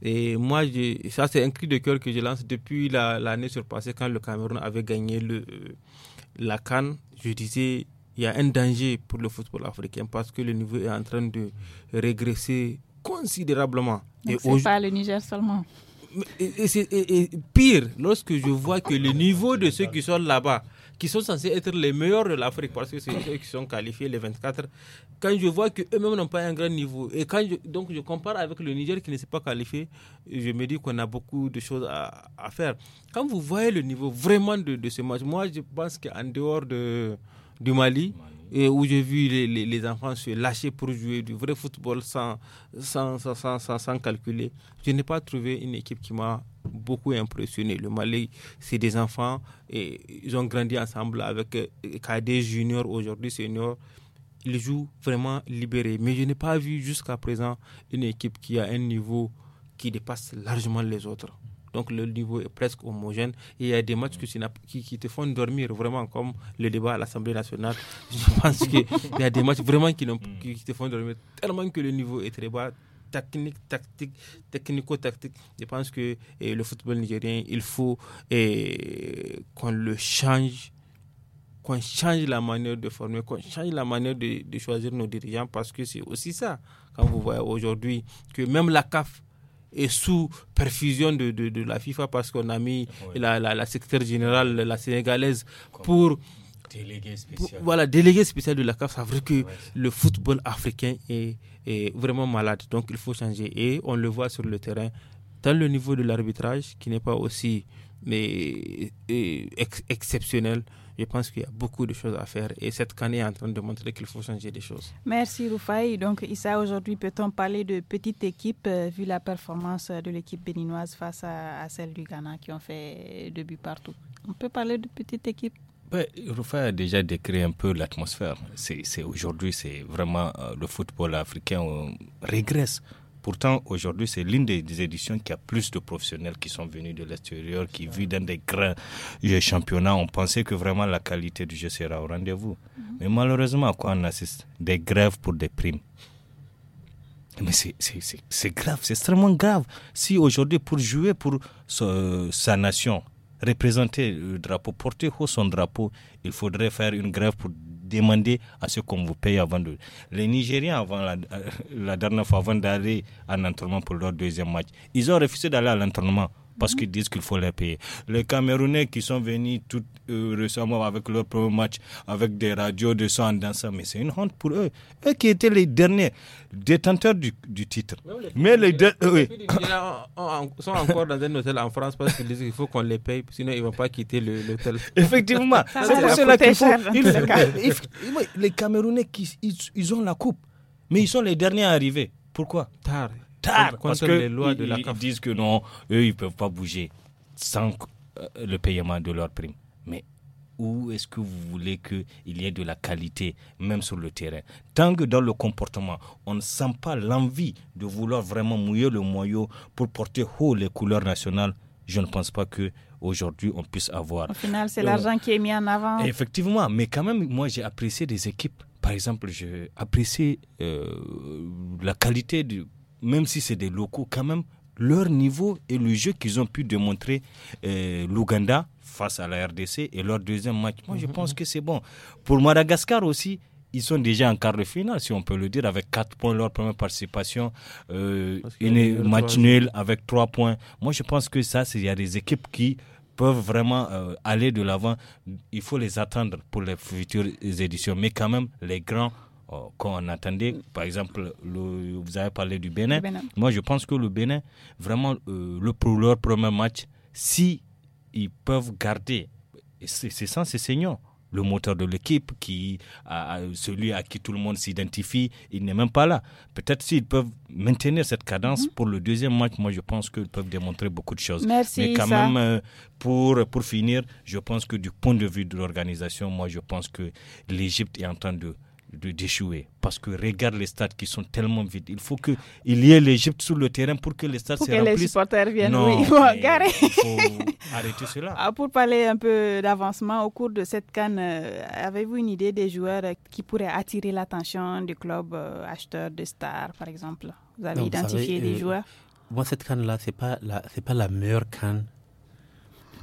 Et moi, ça, c'est un cri de cœur que je lance depuis l'année surpassée, quand le Cameroun avait gagné le, euh, la Cannes. Je disais, il y a un danger pour le football africain parce que le niveau est en train de régresser considérablement. Donc et pas le Niger seulement. et, pire, lorsque je vois que le niveau de ceux qui sont là-bas qui sont censés être les meilleurs de l'Afrique, parce que c'est eux qui sont qualifiés, les 24, quand je vois qu'eux-mêmes n'ont pas un grand niveau, et quand donc je compare avec le Niger qui ne s'est pas qualifié, je me dis qu'on a beaucoup de choses à, faire. Quand vous voyez le niveau vraiment de, ce match, moi je pense qu'en dehors de, du Mali, et où j'ai vu les, enfants se lâcher pour jouer du vrai football sans, sans, sans calculer. Je n'ai pas trouvé une équipe qui m'a beaucoup impressionné. Le Mali, c'est des enfants et ils ont grandi ensemble avec KD euh, Junior, aujourd'hui Senior. Ils jouent vraiment libérés. Mais je n'ai pas vu jusqu'à présent une équipe qui a un niveau qui dépasse largement les autres. Donc le niveau est presque homogène. Et il y a des matchs que qui, qui, te font dormir vraiment, comme le débat à l'Assemblée nationale. <laughs> Je pense qu'il y a des matchs vraiment qui, qui, te font dormir tellement que le niveau est très bas, technique, tactique, technico-tactique. Je pense que eh, le football nigérien, il faut eh, qu'on le change, qu'on change la manière de former, qu'on change la manière de, choisir nos dirigeants, parce que c'est aussi ça, quand vous voyez aujourd'hui, que même la CAF est sous perfusion de, la FIFA, parce qu'on a mis la, la, secrétaire générale, la sénégalaise, pour Délégué spécial. Voilà, délégué spécial de la CAF, ça veut que le football africain est, vraiment malade. Donc il faut changer. Et on le voit sur le terrain, dans le niveau de l'arbitrage, qui n'est pas aussi mais exceptionnel. Je pense qu'il y a beaucoup de choses à faire et cette canne est en train de montrer qu'il faut changer des choses. Merci Roufaï. Donc Issa, aujourd'hui peut-on parler de petite équipe euh, vu la performance de l'équipe béninoise face à, à, celle du Ghana qui ont fait deux buts partout On peut parler de petite équipe ben, Rufa a déjà décrit un peu l'atmosphère. C'est, aujourd'hui, c'est vraiment euh, le football africain euh, régresse. Pourtant, aujourd'hui, c'est l'une des, éditions qui a plus de professionnels qui sont venus de l'extérieur, qui vivent dans des grands euh, championnats. On pensait que vraiment la qualité du jeu sera au rendez-vous. Mhm. Mais malheureusement, à quoi on assiste Des grèves pour des primes. Mais c'est grave, c'est extrêmement grave. Si aujourd'hui, pour jouer pour euh, sa nation, représenter le drapeau, porter haut son drapeau, il faudrait faire une grève pour demander à ceux qu'on vous paye avant de... Les Nigériens, avant la, euh, la dernière fois, avant d'aller à l'entraînement pour leur deuxième match, ils ont refusé d'aller à l'entraînement parce qu'ils disent qu'il faut les payer. Les Camerounais qui sont venus tout euh, récemment avec leur premier match, avec des radios de son dans ça, mais c'est une honte pour eux. Eux qui étaient les derniers détenteurs du, titre. Mais les, les sont encore dans un hôtel en France parce qu'ils disent qu'il faut qu'on les paye, sinon ils ne vont pas quitter l'hôtel. <laughs> Effectivement, c'est pour cela Les Camerounais, qui, ils, ont la coupe, mais ils sont les derniers à arriver. Pourquoi Tard parce que les lois de la ils, disent que non, eux, ils ne peuvent pas bouger sans euh, le paiement de leur prime. Mais où est-ce que vous voulez qu'il y ait de la qualité, même sur le terrain Tant que dans le comportement, on ne sent pas l'envie de vouloir vraiment mouiller le moyeu pour porter haut les couleurs nationales, je ne pense pas que aujourd'hui on puisse avoir. Au final, c'est l'argent qui est mis en avant. Effectivement, mais quand même, moi j'ai apprécié des équipes. Par exemple, j'ai apprécié euh, la qualité du même si c'est des locaux, quand même, leur niveau et le jeu qu'ils ont pu démontrer euh, l'Ouganda face à la RDC et leur deuxième match. Moi, je mhm, pense mhm. que c'est bon. Pour Madagascar aussi, ils sont déjà en quart de finale, si on peut le dire, avec 4 points leur première participation, euh, une match nul avec 3 points. Moi, je pense que ça, il y a des équipes qui peuvent vraiment euh, aller de l'avant. Il faut les attendre pour les futures éditions. Mais quand même, les grands euh, quand on attendait. Par exemple, vous avez parlé du Bénin. Moi, je pense que le Bénin, vraiment, euh, le, pour leur premier match, si ils peuvent garder, c'est sans ces seniors Le moteur de l'équipe, qui a, celui à qui tout le monde s'identifie, il n'est même pas là. Peut-être s'ils peuvent maintenir cette cadence mhm. pour le deuxième match, moi je pense qu'ils peuvent démontrer beaucoup de choses. Merci, Mais quand même, euh, pour, pour finir, je pense que du point de vue de l'organisation, moi je pense que l'Égypte est en train de d'échouer. Parce que regarde les stades qui sont tellement vides. Il faut qu'il y ait l'Égypte sur le terrain pour que les stades pour que les supporters viennent. oui, il faut arrêter <laughs> cela. Ah, pour parler un peu d'avancement au cours de cette canne, euh, avez-vous une idée des joueurs euh, qui pourraient attirer l'attention du club euh, acheteur de stars, par exemple Vous avez identifié des joueurs Moi, cette canne-là, ce n'est pas, pas la meilleure canne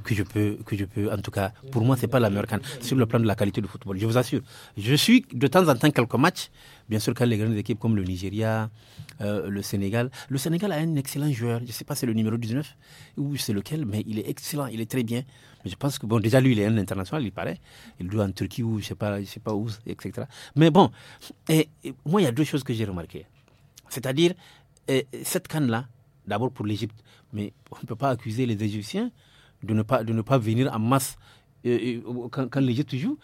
que je peux, que je peux, en tout cas, pour moi, c'est pas la meilleure canne sur le plan de la qualité du football. Je vous assure. Je suis de temps en temps quelques matchs. Bien sûr, quand les grandes équipes comme le Nigeria, euh, le Sénégal, le Sénégal a un excellent joueur. Je sais pas, c'est le numéro 19 ou c'est lequel, mais il est excellent, il est très bien. Mais je pense que bon, déjà lui, il est un international, il paraît. Il joue en Turquie ou je sais pas, je sais pas où, etc. Mais bon, et, moi, il y a deux choses que j'ai remarquées. C'est-à-dire, cette canne là d'abord pour l'Égypte, mais on ne peut pas accuser les Égyptiens de ne pas, de ne pas venir en masse quand, quand l'Égypte joue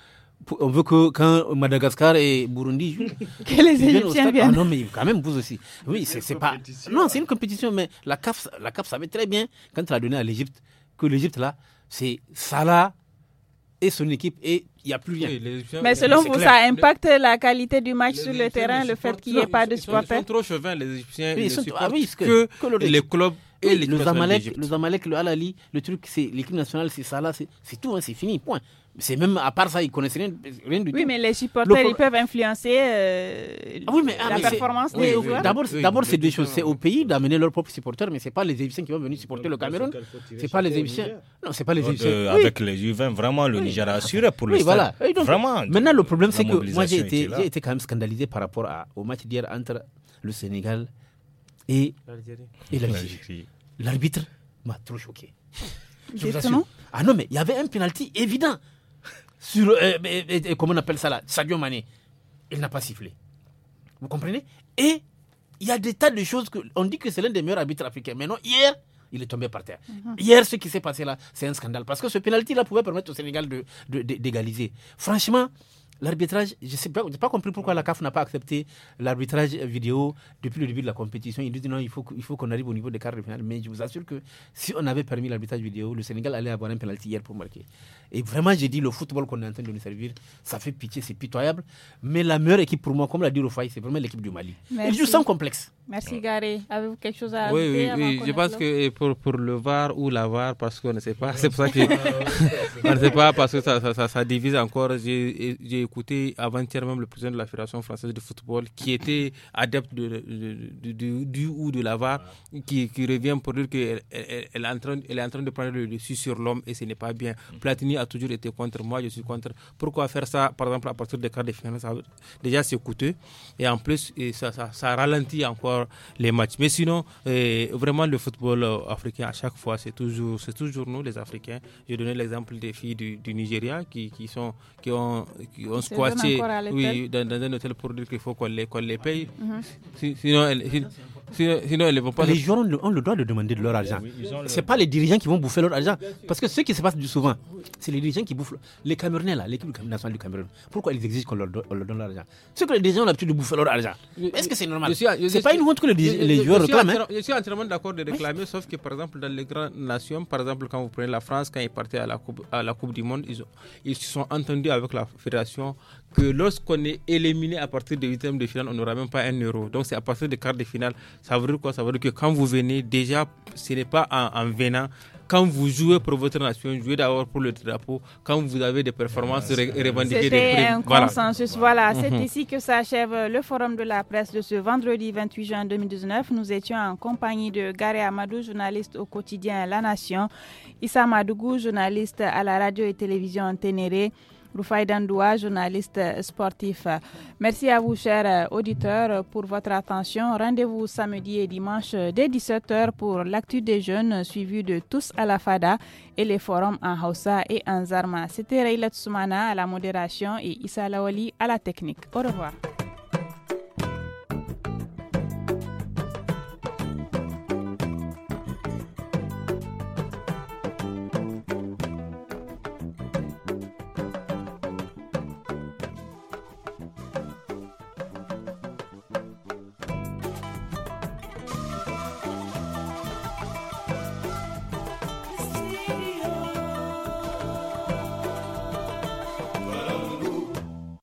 on veut que quand Madagascar et Burundi jouent, <laughs> que les Égyptiens ah, viennent. non, mais quand même, vous aussi. Oui, c'est pas. Non, c'est une compétition, mais la CAF, la CAF savait très bien, quand elle a donné à l'Égypte, que l'Égypte, là, c'est Salah et son équipe, et il n'y a plus rien. mais selon vous, ça impacte la qualité du match sur le terrain, le fait qu'il n'y ait pas de supporters Ils sont trop chauvins, les Égyptiens. ils, sont... Ah supportent que les clubs et oui, le Zamalek, le le Alali, le truc, c'est l'équipe nationale, c'est ça là, c'est tout, hein, c'est fini, point. C'est même à part ça, ils connaissent rien, rien du tout. Oui, mais les supporters, ils peuvent influencer euh, ah ah, la performance des D'abord, c'est deux choses. C'est au pays d'amener leurs propres supporters, mais c'est pas les Égyptiens qui vont venir supporter le, Cameroun. C'est pas les Égyptiens. Non, c'est pas les euh, Égyptiens. Euh, avec les U20, vraiment, le Niger a assuré pour le Oui, voilà. Vraiment. Maintenant, le problème, c'est que moi, j'ai été quand même scandalisé par rapport au match d'hier entre le Sénégal et L'arbitre m'a trop choqué. Ah non, mais il y avait un penalty évident sur, euh, comment on appelle ça là, Sadio Mané. Il n'a pas sifflé. Vous comprenez Et il y a des tas de choses que, on dit que c'est l'un des meilleurs arbitres africains. Mais non, hier, il est tombé par terre. Mm-hmm. Hier, ce qui s'est passé là, c'est un scandale. Parce que ce penalty là pouvait permettre au Sénégal d'égaliser. De, d'égaliser Franchement, l'arbitrage, je n'ai pas, pas, compris pourquoi la CAF n'a pas accepté l'arbitrage vidéo depuis le début de la compétition. Ils disent non, il faut, il faut qu'on arrive au niveau des quarts de finale. Mais je vous assure que si on avait permis l'arbitrage vidéo, le Sénégal allait avoir un penalty hier pour marquer. Et vraiment, j'ai dit, le football qu'on est en train de nous servir, ça fait pitié, c'est pitoyable. Mais la meilleure équipe pour moi, comme l'a dit Rufai, c'est vraiment l'équipe du Mali. Merci. je sans complexe. Merci Gary. Avez-vous quelque chose à oui, Oui, oui, je pense que pour, le VAR ou la VAR, parce qu'on ne sait pas, c'est pour ça que. <laughs> on ne pas, parce que ça, ça divise encore. J'ai écouté avant-hier même le président de la Fédération française de football qui était adepte de, du ou de lava qui, qui, revient pour dire qu'elle elle, est, en train, est en train de prendre le dessus sur l'homme et ce n'est pas bien. Mm. Platini a toujours été contre moi, je suis contre. Pourquoi faire ça, par exemple, à partir des quarts de finale Déjà, c'est coûteux et en plus, ça, ça, ralentit encore les matchs. Mais sinon, vraiment, le football euh, africain, à chaque fois, c'est toujours, toujours nous, les Africains. Je donné l'exemple des filles du, du Nigeria qui, qui, sont, qui ont, qui ont oui, dans, un hôtel pour dire qu'il faut qu'on les, paye. Mhm. sinon, elles, sinon, sinon, ne vont pas. Les gens ont le droit de demander de leur argent. Ce n'est pas les dirigeants qui vont bouffer leur argent. Parce que ce qui se passe souvent, c'est les dirigeants qui bouffent. Les Camerounais, l'équipe nationale du Cameroun, pourquoi ils exigent qu'on leur, donne leur argent C'est que les dirigeants ont l'habitude de bouffer leur argent. Est-ce que c'est normal Ce n'est pas une honte que les, je, joueurs réclament. Hein. Je suis entièrement d'accord de réclamer, sauf que par exemple, dans les grandes nations, par exemple, quand vous prenez la France, quand ils partaient à la Coupe, à la coupe du Monde, ils, ils se sont entendus avec la Fédération que lorsqu'on est éliminé à partir de huitième de finale, on n'aura même pas un euro. Donc c'est à partir des quarts de finale. Ça veut dire quoi Ça veut dire que quand vous venez, déjà, ce n'est pas en, venant quand vous jouez pour votre nation, jouez d'abord pour le drapeau. Quand vous avez des performances voilà, ah, revendiquées. un voilà. consensus. Voilà, mhm. c'est ici que s'achève le forum de la presse de ce vendredi 28 juin 2019. Nous étions en compagnie de Gary Amadou, journaliste au quotidien La Nation, Issa Madougou, journaliste à la radio et télévision Ténéré. Rufai Dandoua, journaliste sportif. Merci à vous, chers auditeurs, pour votre attention. Rendez-vous samedi et dimanche dès 17h pour l'actu des jeunes suivi de tous à la FADA et les forums en Hausa et en Zarma. C'était Rayla Tsoumana à la modération et Issa Lawali à la technique. Au revoir.